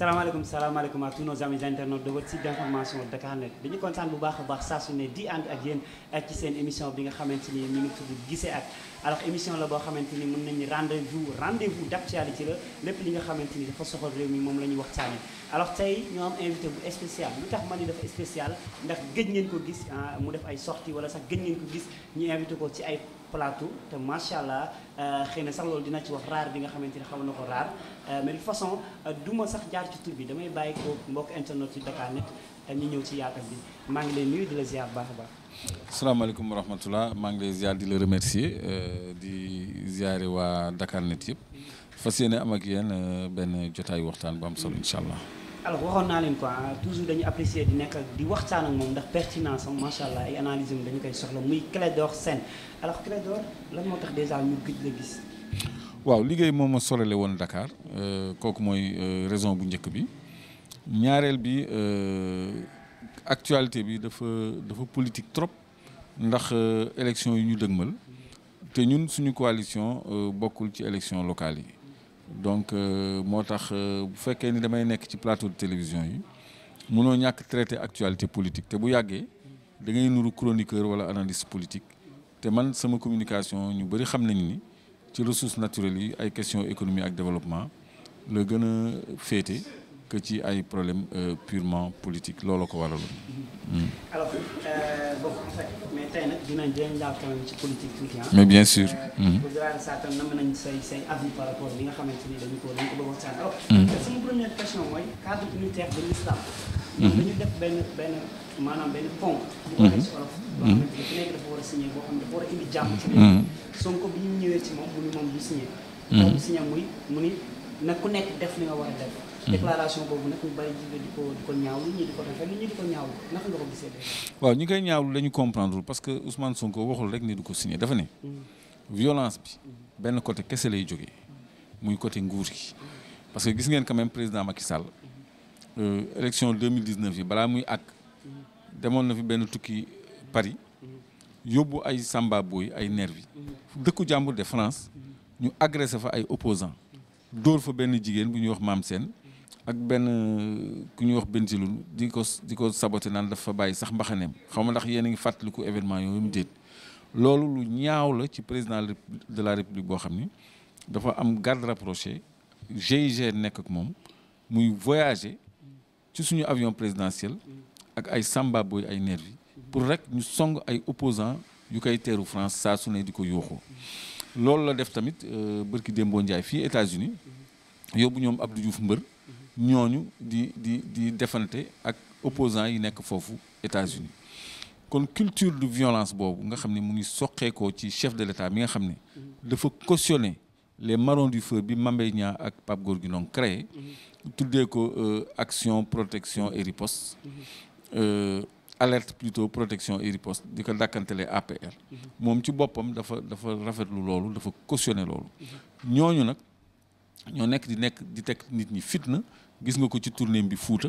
salaamaaleykum salaamaaleykum à tous nos amis internautes de votre site d'information Dakarnet dañu kontaan bu baax a baax saa su ne di ànd ak yéen ak ci seen émission bi nga xamante ni ñu ngi tudd gisee ak alors émission la boo xamante ni mën nañu rendez-vous rendez-vous d'actualité la lépp li nga xamante ni dafa soxal réew mi moom la ñuy waxtaanee alors tey ñoo am invité bu spécial lu tax ma ni dafa spécial ndax gëj ngeen ko gis ah, mu def ay sorties wala sax gëj ngeen ko gis ñu invité ko ci ay palaatu te macha allah euh, xëy na sax loolu dina ci wax raar bi nga xamante ni xam na ko raar euh, mais de façon euh, du ma sax jaar ci tur bi damay bàyyi ko mbokk internet ci Dakarnet ñu ñëw ci yaatal bi maa ngi lay nuyu di la ziar baax a baax. asalaamaaleykum wa rahmatulah maa ngi lay ziar di la remercier di ziare waa Dakarnet yëpp mm-hmm. fas yéene am ak yéen benn jotaay waxtaan bu am solo incha allah. alors waxoon naa leen quoi toujours dañu apprécier di nekk di waxtaan ak moom ndax pertinence am macha allah ay analyse am dañu koy soxla muy Clédor Sène alors Clédor lan moo tax dèjà ñu gëj la gis. waaw liggéey moom ma sorale woon Dakar euh, kooku mooy euh, raison bu njëkk bi ñaareel bi euh, actualité bi dafa dafa politique trop ndax élection yi ñu dëgmal te ñun suñu coalition bokkul ci élection locale yi. donc euh, moo tax euh, bu fekkee ni damay nekk ci plateau de télévision yi mënoo ñàkk traité actualité politique te bu yàggee da ngay nuru chroniqueur wala analyste politique te man sama communication ñu bëri xam nañ ni ci ressources naturelles yi ay question économie ak développement la gën a féete que ci ay problème euh, purement politique loolu ko waraloon. Hmm. alors euh, bon mais tey nag dinañ dinañ daal quand ci politique tuuti mais bien sûr. au-delà de ça tam nam nañ say say par rapport li nga xamante ni dañu ko dañu ko bëgg waxtaan alors. Hmm. sama première question mooy hmm. ku nekk dafa war a signé boo xam dafa war a indi jàmm Sonko bi ñu ñëwee ci moom mu ni moom du signé. moom du signé muy mu ni na ku nekk def li nga war a def. Mm-hmm. déclaration waaw ñi ngay ñaawlu dañu comprendre parce que Ousmane Sonko waxul rek ni du ko signé dafa ne. Mm-hmm. violence bi mm-hmm. benn côté kese lay jóge muy côté nguur gi parce que gis ngeen quand même président Macky Sall euh, élection 2019 yi balaa muy àgg demoon na fi benn tukki Paris yóbbu ay Samba Boy ay nervi dëkku jàmbur de France ñu agressé fa ay opposants dóor fa benn jigéen bu ñuy wax Maam seen ak benn euh, ku ñu wax Benzilul di ko di ko saboté naan dafa bàyyi sax mbaxaneem xaw ma ndax yéen a ngi fàttaliku événement yooyu mu déet loolu lu ñaaw la ci président de la république boo xam ni dafa am garde rapproché GIGN nekk ak moom muy voyager ci suñu avion présidentiel ak ay samba ay nervi pour rek ñu song ay opposants yu koy teeru France saa su ne di ko yuuxoo loolu la def tamit euh, bërki démboo Ndiaye fii États-Unis yóbbu ñoom Abdou Diouf mbër ñooñu di di di defante ak opposants yi nekk foofu États-Unis kon culture de violence boobu nga xam ni mu ngi soqeekoo ci chef de l'État mi nga xam ni dafa cautionner les marrons du feu bi Mame Mbaye ak Pape Gorgui Ndong créé mm-hmm. tuddee ko euh, action protection et riposte mm-hmm. euh, alerte plutôt protection et riposte di ko dàkkantele APR mm-hmm. moom ci boppam dafa dafa rafetlu loolu dafa cautionner loolu ñooñu nag ñoo nekk di nekk di tek nit ñi fitna gis nga ko ci tournée bi Fuuta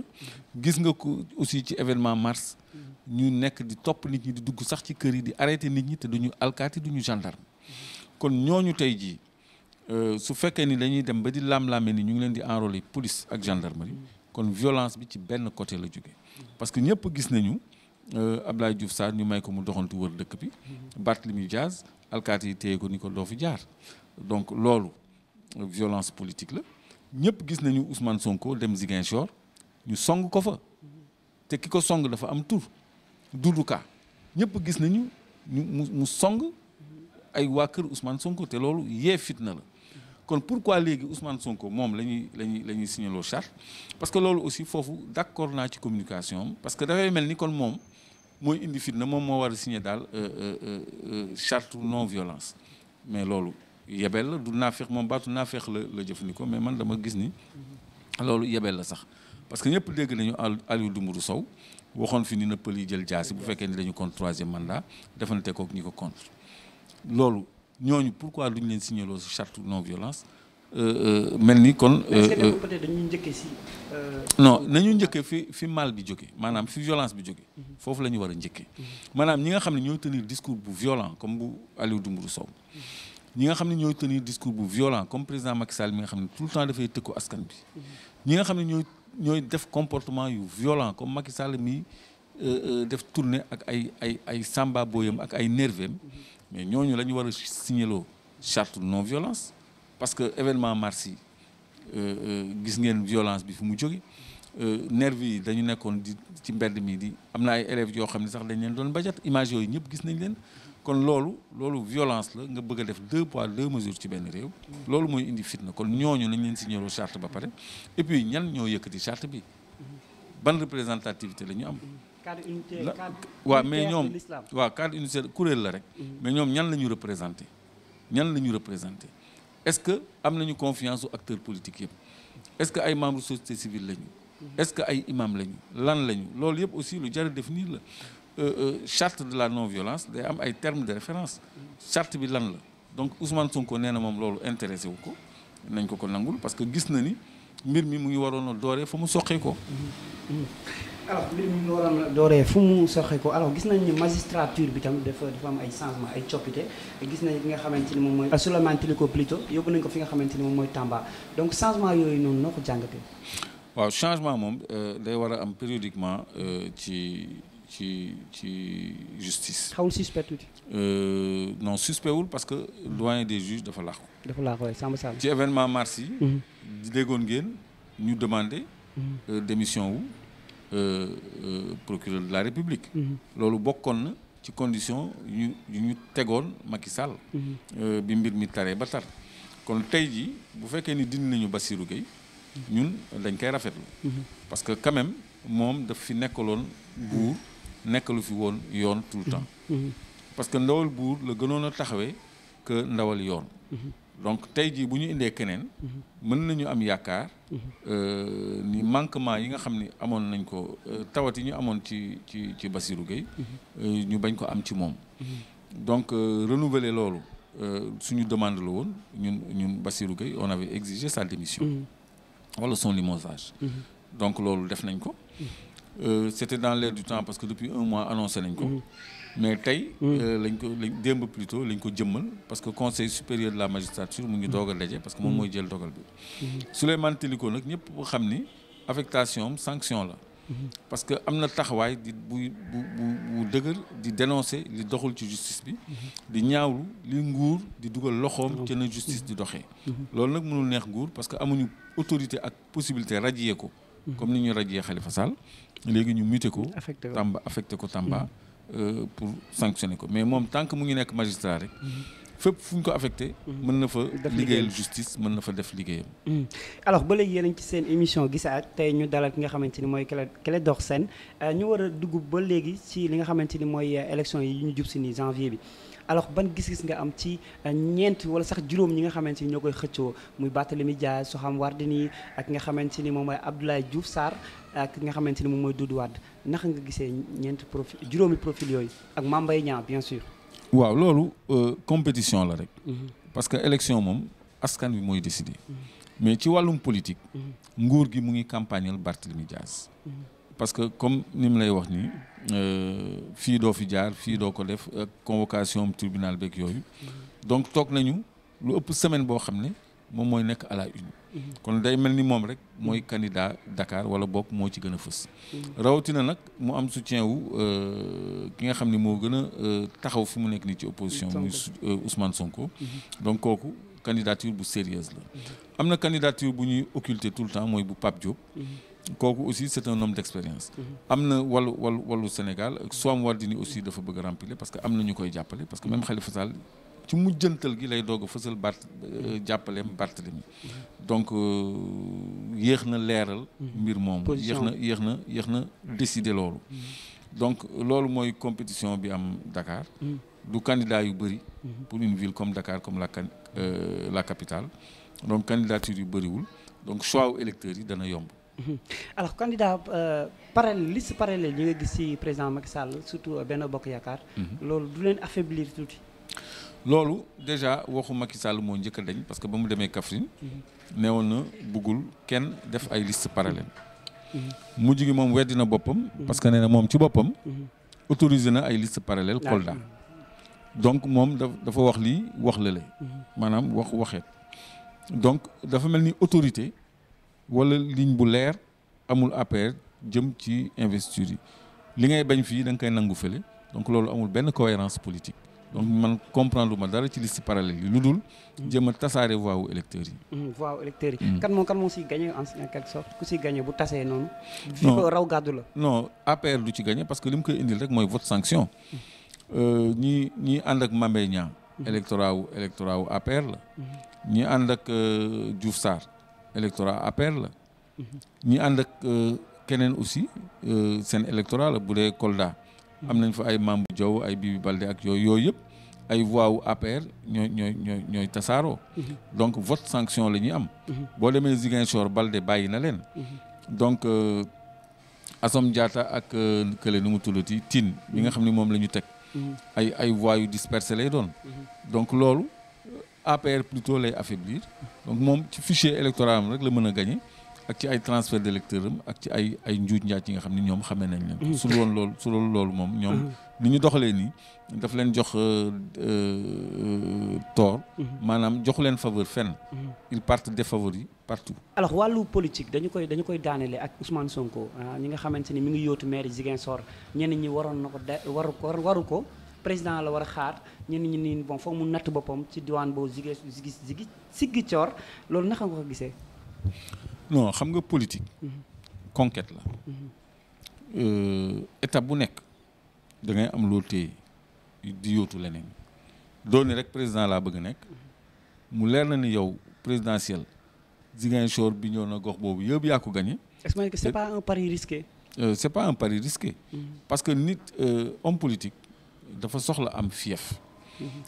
gis nga ko aussi ci événement mars ñu nekk di topp nit ñi di dugg sax ci kër yi di arrêté nit ñi te duñu alkaati duñu gendarme kon ñooñu tey jii euh, su fekkee ni dañuy dem ba di laam-laame ni ñu ngi leen di enrôler police ak gendarmerie kon violence bi ci benn côté la jóge parce que ñëpp gis nañu euh, Abdoulaye Diouf Sarr ñu may ko mu doxantu wër dëkk bi bat Barthélémy Dias alkaati yi téye ko ni ko doo fi jaar donc loolu violence politique la ñëpp gis nañu Ousmane Sonko dem Ziguinchor ñu song ko fa te ki ko song dafa am tur Doudou Ka ñëpp gis nañu ñu mu song ay waa kër Ousmane Sonko te loolu yee fitna la kon pourquoi léegi Ousmane Sonko moom la ñuy la ñuy la ñuy signaloo charte parce que loolu aussi foofu d'accord naa ci communication parce que dafay mel ni kon moom mooy indi fitna moom moo war a signé daal euh, euh, euh, charte non violence mais loolu. yebeel la du naafeex moom baatu naafeex la la jëfandikoo mais man dama gis ni loolu yebeel la sax parce que ñëpp dégg nañu Aliou Dembourou Sow waxoon fi ni na pël yi jël jaasi bu fekkee ni dañu contre troisième mandat defante kook ñi ko contre loolu ñooñu quoi duñ leen signaloo charte non violence euh, euh, mel ni kon. Euh, dañuy njëkkee si. non nañu njëkkee fi fi mal bi jóge maanaam fi violence bi jóge mhm. foofu la ñu war a njëkkee mhm. maanaam ñi nga xam ne ñooy tenir discours bu violent comme bu Aliou Dembourou Sow mhm. ñi nga xam ne ñooy tenir discours bu violent comme président Macky Sall mi nga xam ne tout le temps dafay tëkku askan xam ne ñooy ñooy def comportement yu violent comme Macky Sall mi euh, euh, def tournée ak ay ay ay samba booyam ak ay nerveem mais ñooñu la ñu war a signaloo charte non violence parce que événement mars yi euh, gis ngeen violence bi fu mu jóge nervi yi dañu nekkoon di ci mbedd mii di am na ay élèves yoo xam ne sax dañ leen doon bajat image yooyu ñëpp gis nañ leen kon loolu loolu violence la nga bëgg def deux poids deux mesures ci benn réew. loolu mooy indi fitna kon ñooñu lañ leen signéeroo charte ba pare et puis ñan ñoo yëkkati chart bi ban représentativité la ñu am. cadre unité mais ñoom waaw cadre unité kuréel la rek. mais ñoom ñan la ñu représenté ñan la ñu représenté est-ce que am nañu confiance aux acteurs politiques yëpp est-ce que ay membres société civile lañu. est-ce que ay imam lañu lan lañu loolu yëpp aussi lu jar a définir la. Euh, euh, charte de la non violence day am ay termes de référence charte bi lan la donc Ousmane Sonko nee na moom loolu intéressé wu ko nañ ko ko nangul parce que gis na ni mbir mi mu waroon a dooree mu soqee ko. alors waroon dooree fu mu soxee ko alors gis nañ ne magistrature bi tam dafa dafa am ay changement ay coppite gis nañ ki nga xamante ni moom mooy Souleymane Téliko plutôt yóbbu nañ ko fi nga xamante ni moom mooy Tamba donc changement yooyu noonu noo ko jàngatee. waaw changement moom euh, day war a am périodiquement ci. ci ci justice. xawul suspect tuuti. Euh, non suspect parce que doyen des juges dafa laax ko. dafa laax waay Samba Sall. ci événement mars yi. Mhm. déggoon ngeen ñu demandé. Mhm. Euh, démission wu euh, procureur de la république. Mhm. loolu bokkoon na ci condition yu ñu tegoon Macky bi mbir mi taree ba tar kon tey ji bu fekkee ni dindi nañu Bassirou Gueye ñun dañ koy rafetlu. parce que quand moom daf fi nekkaloon buur nekkalu fi woon yoon tout temps parce que ndawal buur la gënoon a taxawee que ndawal yoon donc tey jii bu ñu indee keneen mën nañu am yaakaar euh, ni manquement yi nga xam ni amoon nañ ko euh, tawat yi ñu amoon ci ci ci Bassirou Gueye euh, ñu bañ ko am ci moom donc renouveler loolu suñu demande la woon ñun ñun Bassirou Gueye on avait exigé sa démission mm-hmm. wala son limogeage mm-hmm. donc loolu def nañ ko Euh, c' était dans l'air du temps parce que depuis un mois annoncé nañ ko. Mm-hmm. mais tey. Mm-hmm. Euh, lañ ko lañ démb plutôt lañ ko jëmmal parce que conseil supérieur de la magistrature mu ngi mm-hmm. doog a daje parce que moom mooy jël dogal bi. Souleymane Téliko nag ñëpp xam ni affectation am sanction la. parce que am na taxawaay di bu bu bu dëgër di dénoncer li doxul ci justice bi. di ñaawlu li nguur di dugal loxoom ci na justice di doxee. loolu nag mënul neex nguur parce que amuñu autorité ak possibilité radier ko. comme ni ñu rajee Khalifa Sall léegi ñu muté ko Tamba affecté ko Tamba mm-hmm. euh, pour sanctionner ko mais moom tant que mu ngi nekk magistrat rek mm-hmm. fépp fu ñu ko affecté mm-hmm. mën na fa liggéeyal justice mën na fa def liggéeyam alors ba léegi yéen ci seen émission gisaat tey ñu dalal ki nga xamante ni mooy Clédor seen euh, ñu war a dugg ba léegi si li nga xamante ni mooy euh, élection yi ñu jub si nii janvier bi alors ban gis-gis nga am ci euh, ñeent wala sax juróom ñi nga xamante ni ñoo koy xëccoo muy Barthélémy Dias Soham Wardini ak nga xamante ni moom mooy Abdoulaye Diouf Sarr ak nga xamante ni moom mooy Doudou Wade naka nga gisee ñeent profil juróomi profil yooyu ak Mame Mbaye Niang bien sûr. waaw loolu euh, compétition la rek. Mhm. parce que élection moom askan wi mooy décider. Mhm. mais ci wàllum politique. Mhm. nguur gi mu ngi campagnal Barthélémy Dias. parce que comme ni mu lay wax nii euh, fii doo fi jaar fii doo ko def ak convocation tribunal beeg yooyu donc toog nañu lu ëpp semaine boo xam ne moom mooy nekk à une kon day mel ni moom rek mooy candidat dakaar wala bokk moo ci gën a fës. rawatina nag mu am soutien wu euh, ki nga xam ni moo gën a euh, taxaw fi mu nekk nii ci opposition. muy Ousmane Sonko. donc kooku candidature bu sérieuse la. am na candidature bu ñuy occulter tout le temps mooy bu Pape Diop. kooku aussi c' est un homme d' expérience. Mhm. am na wàllu wàllu wàllu Sénégal Soham Wardini aussi dafa bëgg rampile parce que am na ñu koy jàppale parce que même Khalifa Sall ci mujjantal gi lay doog a fësal Bart euh, mhm. jàppaleem Barthélemy mhm. donc euh, yéex na leeral. mbir moom yéex na yéex na yéex na décider loolu. donc loolu mooy compétition bi am Dakar. du candidat yu bëri. pour une ville comme Dakar comme la euh, la capitale donc candidature yu bëriwul donc choix wu yi dana yomb. Mhm. alors candidat euh, parallèle liste parallèle yi nga gis ci président Macky Sall surtout euh, benn Bokk Yaakaar. Mhm. loolu du leen affaiblir tuuti. loolu déjà waxu Macky Sall moo njëkk a dañ parce que ba mu demee Kaffrine. Mhm. woon na buggul kenn def ay liste parallèle. mujj gi moom weddi na boppam. parce que nee na moom ci boppam. autorisé na ay liste parallèle Kolda. Ah, donc moom dafa wax lii wax lële. maanaam wax waxeet. donc dafa mel ni autorité. wala ligne bu leer amul APR jëm ci investiture yi li ngay bañ fii da nga koy nangu fële donc loolu amul benn cohérence politique donc man comprendre ma dara ci liste parallèle yi lu dul. jëm a tasaare voix wu électeurs yi. Mm, voix wu électeurs yi. Mm. kan moo kan moo siy en quelque sorte ku si gagné bu tasee noonu. fi ko raw gàddu la. no APR du ci gañe parce que li mu koy indil rek mooy vote sanction. Euh, ñi ñi ànd ak Mame Niang mm. électorat wu électorat wu APR ànd ak euh, Diouf Sarr. électorat APR la ñi ànd ak euh, keneen aussi euh, seen électorat la bu dee Kolda mhm. am nañ fa ay Mambou Diaw ay Bibi Baldé ak yooyu yooyu yëpp ay voix wu APR ñooy ñooy ñooy ñooy tasaaroo mhm. donc vote sanction la ñuy am mhm. boo demee Ziguinchor Baldé bàyyi na leen donc euh, Assom Diatta ak kële nu mu tuddati Tine mi nga xam ne moom la ñu teg ay ay voix yu dispersé lay doon donc loolu APR plutôt lay affaiblir donc moom ci fichier électoral am rek la mën a gagné ak ci ay transfert d'électeurs am ak ci ay ay njuuj njaaj yi nga xam ne ñoom xamee nañ leen mm. su loolu loolu su loolu moom ñoom ni ñu doxalee nii daf leen jox euh, euh, tort mm-hmm. maanaam joxu leen faveur fenn mm-hmm. ils partent défavoris partout alors wàllu politique dañu koy dañu koy daanele ak Ousmane Sonko ah, ñi nga xamante ni mi ngi yóotu maire Ziguinchor ñenn ñi waroon na ko de waru ko waru ko président la war a xaar ñenn ñi nii bon foog mu natt boppam ci diwaan boobu zigé zigi zigi siggi coor loolu naka nga ko gisee non xam nga politique mhm. conquête la mhm. euh, étape bu nekk dangay am loo téye di yóotu leneen doon rek président laa bëgg nekk mu leer na ni yow présidentiel Ziguinchor bi ñëw na gox boobu yëpp yaa ko gagné. c'est pas un pari risqué. Euh, c'est pas un pari risqué. Mhm. parce que nit euh, homme politique dafa soxla am fief.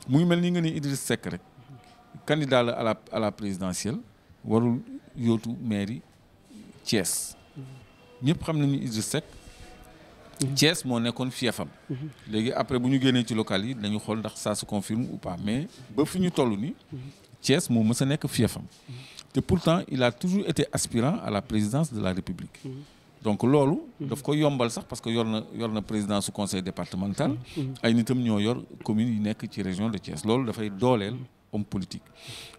mu ngi mel ni nga ni Idriss Seck rek candidat la à la à la présidentielle warul yootu mairie Thiès ñëpp xam nañu Idriss Seck Thiès moo nekkoon fiefam léegi après bu ñu génnee ci local yi dañu xool ndax ça se confirme ou pas mais ba fi ñu toll nii Thiès moo mës a nekk fiefam te pourtant il a toujours été aspirant à la présidence de la République donc loolu. daf ko yombal sax parce que yor na yor na président su conseil départemental. ay nitam ñoo yor communes yi nekk ci région de Thiès loolu dafay dooleel homme politique.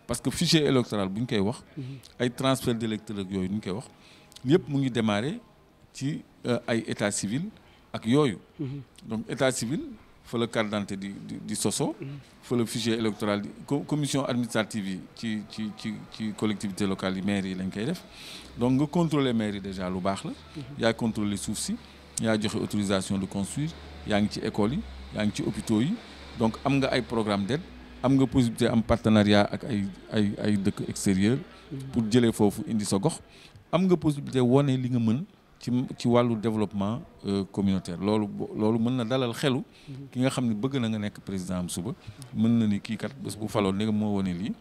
parce que fichier électoral bu ñu koy wax. ay transfert d'électeurs ak yooyu ñu koy wax yëpp mu ngi démarrer ci euh, ay état civil ak yooyu. Mhm. donc état civil fa la carte di di soso mm-hmm. fa la fichier électoral di commission administrative yi ci ci ci ci collectivité locale yi maire yi lañ koy def donc nga contrôler maire déjà lu baax la mm-hmm. yaa contrôler suuf si yaa joxe autorisation de construire yaa ngi ci école yi yaa ngi ci hôpitaux yi donc am nga ay programme d'aide am nga possibilité am partenariat ak ay ay ay dëkk extérieur mm-hmm. pour jëlee foofu indi sa gox am nga possibilité ne li nga mën ci ci wàllu développement euh, communautaire loolu loolu mën na dalal xelu ki nga xam ne bëgg na nga nekk président am suba mën na ni kii kat bés bu faloo ndegam moo wane lii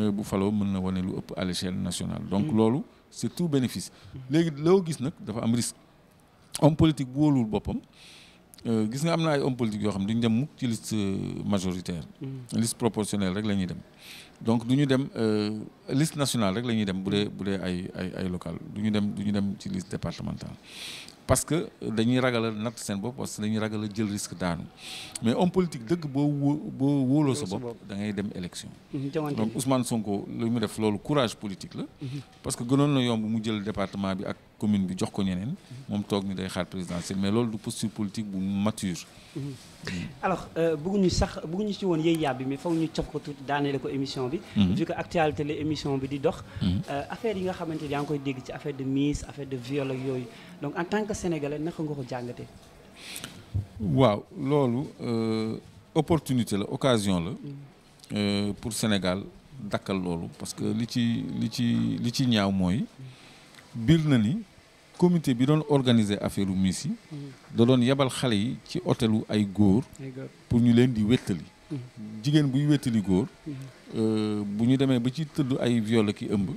euh, bu faloo mën na wane lu ëpp à l'échelle nationale donc loolu c'est tout bénéfice léegi loo gis nag dafa am risque homme politique bu wóolul boppam euh, gis nga am na ay homme politique yoo xam duñ dem mukk ci liste majoritaire mm. liste proportionnelle rek la ñuy dem donc du ñu dem euh, liste nationale rek la ñuy dem bu dee bu dee ay ay local du ñu dem du ñu dem ci liste départementale parce que euh, dañuy ragal a natt seen bopp parce que dañuy ragal a jël risque daanu mais homme politique dëgg boo wó boo wóoloo sa bopp da ngay dem élection mhm, donc Ousmane Sonko lu mu def loolu courage politique la mhm. parce que gënoon na yomb mu jël département bi ak commune bi jox ko ñeneen moom toog ni day xaar présidentielle mais loolu du posture politique bu mature mm-hmm. alors euh, bëgguñu sax bëgguñu ci woon yëy yàbbi mais foog ñu cof ko tuuti daaneele ko émission bi mm-hmm. vu émission bi di dox mm-hmm. euh, affaire yi nga xamante ni yaa ngi koy dégg ci affaire de mise affaire de viol ak yooyu donc en tant que sénégalais naka nga ko jàngate waaw loolu euh, opportunité la occasion la pour Sénégal dakkal loolu parce que li ci li ci li ci ñaaw mooy biir na ni comité bi doon organiser affaire Miss yi mhm. da doon yebal xale yi ci hôtelu ay góor pour ñu leen di wettali mhm. jigéen buy wéttali góor mhm. euh, bu ñu demee ba ci tëdd ay viol ki ëmb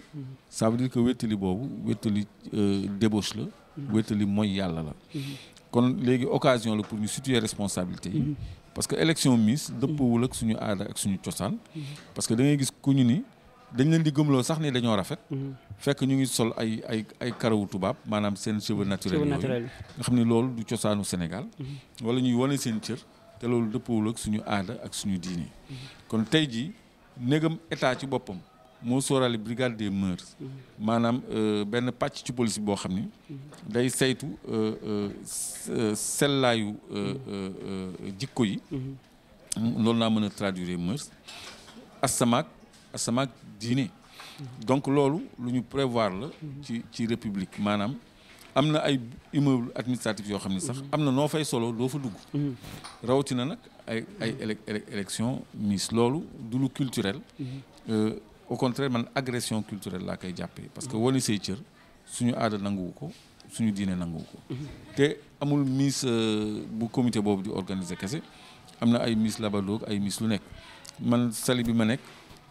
ça veut dire que wéttali boobu wéttali euh, débauche la wéttali mooy yàlla la kon léegi occasion la pour ñu situer responsabilité yi parce que élection Miss dëppawul ak suñu aada ak suñu cosaan parce que da gis ku ñu ni dañ leen di gëmloo sax ni dañoo rafet. Mhm. fekk ñu ngi sol ay ay ay karawu tubaab maanaam seen cheveux naturels yooyu nga xam ne loolu du cosaanu Sénégal. Mhm. wala ñuy wane seen cër te loolu dëppoowul ak suñu aada ak suñu diini. Mhm. kon tey jii négam état ci boppam moo sóoraale brigade des mœurs. maanaam euh, benn pàcc ci police boo xam ni. day saytu euh, euh, sellaayu jikko yi. loolu laa mën a traduire mœurs asama ak diine donc loolu lu ñu prévoir la ci ci république maanaam am na ay immeuble administratif yoo xam ne sax am na noo fay solo doo fa dugg rawatina nag ay ay éle élection loolu du lu culturel euh, au contraire man agression culturelle laa koy jàppe parce que wane say cër suñu aada nanguwu ko suñu diine nanguwu ko te amul miss euh, bu comité boobu di organiser kese am na ay miss labadoog ay miss lu nekk man sali bi ma nekk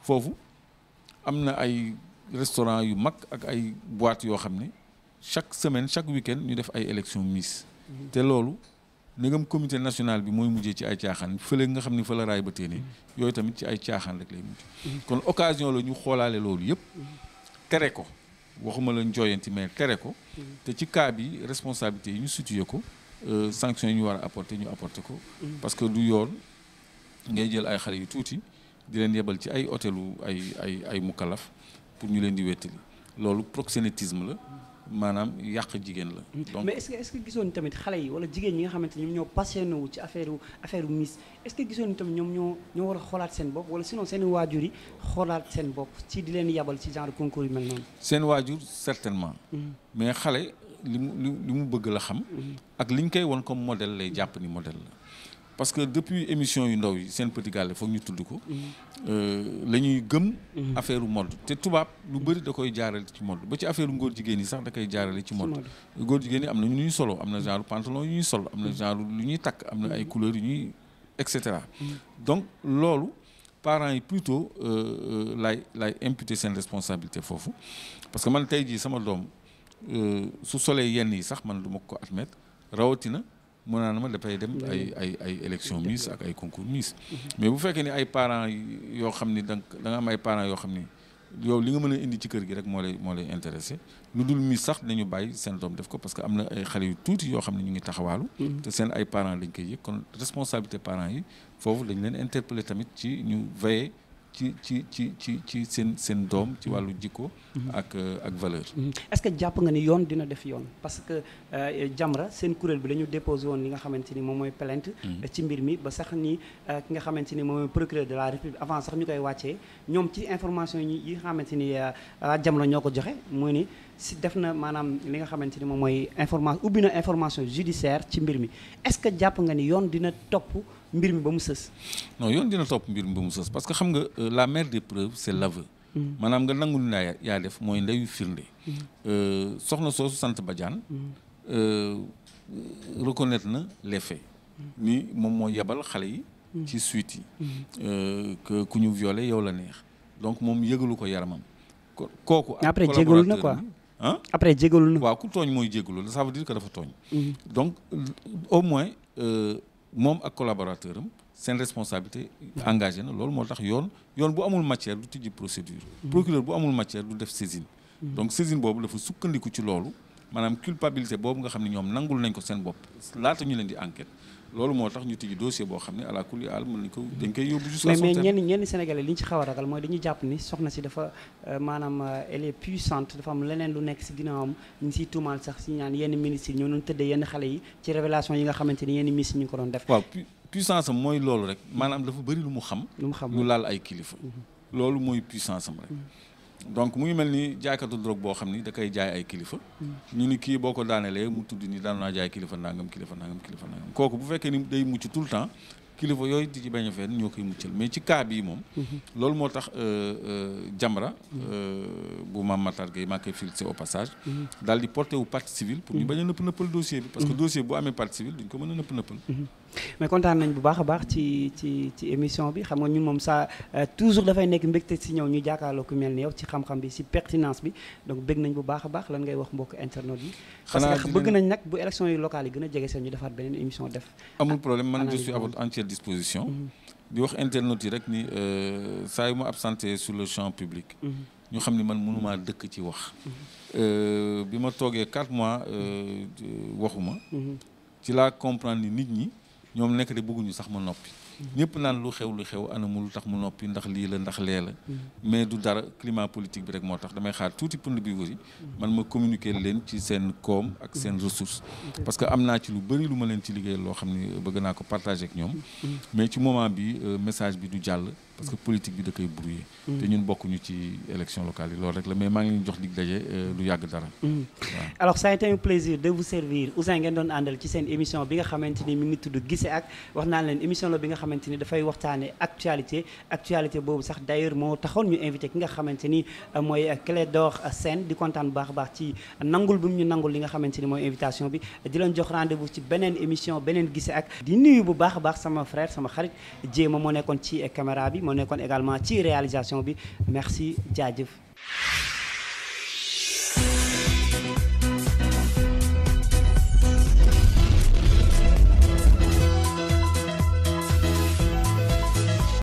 foofu am na ay restaurant yu mag ak ay boîte yoo xam ne chaque semaine chaque week-end ñu def ay élection Miss mhm. te loolu ndegam comité national bi mooy mujjee ci ay caaxaan fële nga xam ni fa la raay ba téenee mhm. yooyu tamit ci ay caaxaan rek lay mujj mhm. kon occasion la ñu xoolaale loolu yëpp tere ko waxuma la jooyanti mais tere ko te ci cas bi responsabilité yi ñu situé ko euh, sanction yi ñu war a apporter ñu apporter ko parce que du yoon ngay jël ay xale yu tuuti di leen yebal ci ay hôtelu ay ay ay mukalaf pour ñu leen di wettali loolu proxénétisme la maanaam yàq jigéen la. Mm. donc mais est-ce que gisoon tamit xale yi wala jigéen ñi nga xamante ni ñoo passionné wu ci affaire affaire Miss est-ce que gisoon tamit ñoom ñoo ñoo war a xoolaat seen bopp wala sinon seen waajur yi xoolaat seen bopp ci di leen yabal ci genre concours yu mel noonu. seen waajur certainement. Mm. mais xale li mu li mu bëgg la xam. Mm. ak ñu koy won comme modèle lay jàpp ni modèle la. parce que depuis émission yu ndaw yi seen petit foog ñu tudd ko. Mm-hmm. Euh, la ñuy gëm. Mm-hmm. affaire mode te tubaab lu bëri da koy jaaral ci mode ba ci affaire ngóor jigéen yi sax da koy jaarale ci mode. góor jigéen yi am na ñu solo am na genre pantalon solo am na mm-hmm. genre lu ñuy takk am na ay couleurs yu ñuy et cetera. donc loolu parents yi plutôt euh, euh, laay laay imputer seen responsabilité foofu parce que man tey ji sama doom su solee yenn yi sax man lu ma ko admettre rawatina. mu naa ma dafay dem ay ay ay élection Miss ak ay concours Miss mais bu fekkee ni ay parents yoo xam ni da nga am ay parents yoo xam ni yow li nga mën a indi ci kër gi rek moo lay moo lay intéressé lu dul Miss sax nañu bàyyi seen doom def ko parce que am na ay xale yu tuuti yoo xam ne ñu ngi taxawaalu mm-hmm. te seen ay parents lañ koy yëg kon responsabilité parents yi foofu dañ leen interpellé tamit ci ñu veiller ci ci ci ci ci seen seen doom ci wàllu jikko mm-hmm. ak ak valeur mm-hmm. est-ce jàpp nga ni yoon dina def yoon Euh, Jamra seen kuréel bi la ñu déposé woon li nga xamante ni moom mooy plainte mm-hmm. ci mbir mi ba sax ni euh, ki nga xamante ni moom mooy procureur de la république avant sax ñu koy wàccee ñoom ci information yi nga xamante ni euh, Jamra ñoo ko joxe mooy ni si def na maanaam li nga xamante ni moom mooy information ubbi na information judiciaire ci mbir mi est-ce que jàpp nga ni yoon dina topp mbir mi ba mu sës non yoon dina topp mbir mi mu sës parce que xam nga la mère des preuves c'est mm-hmm. l'aveu mm-hmm. maanaam nga nangul naa yaa def mooy ndeyu firnde soxna soosu sant Badiane Euh, reconnaître na les faits mm-hmm. ni moom moo yebal xale yi mm-hmm. ci suite yi mm-hmm. euh, ku ñu violé yow la neex donc moom yëgalu ko yaramam kooku après jégalu na quoi ah après jégalu waaw ku tooñ mooy jégalu ça veut dire que dafa tooñ donc euh, au moins moom ak collaborateur am seen responsabilité engage na loolu moo tax yoon yoon bu amul matière du tijji procédure procureur bu amul matière du def saisine donc saisine boobu dafa sukkandiku ci loolu maanaam culpabilité boobu nga xam ne ñoom nangul nañ ko seen bopp laata ñu leen di enquête loolu moo tax ñu tijji dossier boo xam ne ala kulli aal mën nañ ko a ragal mooy dañuy jàpp ni soxna euh, euh, am leneen lu nekk si ginnaawam ñu siy tuumaal sax si yenn ministres yi ñoo doon tëddee yi ci yi nga xamante ni yenn ministres ñu ngi ko doon def waaw puissance am mooy loolu rek maanaam dafa bëri lu mu xam lu laal ay kilifa mm-hmm. loolu mooy puissance am rek mm-hmm. donc mu ngi mel ni jaaykatu drogue boo xam ni dakay jaay ay kilifa. ñu ni kii boo ko daanelee mu tudd ni daan naa jaay kilifa nangam kilifa nangam kilifa nangam kooku bu fekkee ni day mucc tout le temps kilifa yooyu di ci bañ a fenn ñoo koy muccal mais ci cas bii moom. Mhm. loolu moo tax euh, euh, Jamra. Mhm. Euh, bu Mame Matar Gueye maa koy félicité au passage. Mhm. daal di porté wu partie pour ñu bañ nëpp nëppal dossier bi. parce que dossier bu amee partie civile duñ ko mën a nëpp nëppal. mais kontaan nañ bu baax a baax ci ci ci émission bi xam nga ñun moom saa euh, toujours dafay nekk mbégte si ñëw ñu jàkkaarloo ku mel ni yow ci xam-xam bi si pertinence bi donc bëgg nañ bu baax a baax lan ngay wax mbokk internet yi. parce que bëgg nañ nag bu élection yi locales yi gën a jege seen ñu defaat beneen émission def. amul problème man je suis à votre disposition. Mhm. di wax internet yi rek ni euh, saa yu ma absenté sur le champ public. Mhm. ñu xam ni man mënumaa mhm. dëkk ci wax. Euh, bi ma toogee 4 mois waxuma. laa comprendre ni ñi. ñoom nekk de bëgguñu sax ma noppi mhm. ñëpp naan lu xew lu xew anamu lu tax mu noppi ndax lii la ndax lee la mhm. mais du dara climat politique bi rek moo tax damay xaar tuuti pënd bi wëri mhm. man ma communiquer leen ci seen koom ak seen ressource parce que am naa ci lu bëri lu ma leen ci liggéey loo xam ne bëgg naa ko partager ak ñoom mais ci moment bi euh, message bi du jàll parce que politique bi da koy brouillé. Mm. te ñun bokkuñu ci élection locale yi loolu rek la mais maa ngi jox dig daje euh, lu yàgg dara. Mm. alors ça a été un plaisir de vous servir Ouzin ngeen doon àndal ci seen émission bi nga xamante ni mi ngi tudd gise ak wax naa leen émission la bi nga xamante ni dafay waxtaane actualité actualité boobu sax d'ailleurs moo taxoon ñu invité ki nga xamante ni euh, mooy Clédor seen di kontaan baax a baax ci nangul bi mu ñu nangul li nga xamante ni mooy invitation bi di leen jox rendez ci beneen émission beneen Guissé ak di bu baax a sama frère sama xarit jéema moo nekkoon ci caméra bi moo nekkoon également ci réalisation bi merci jaajëf.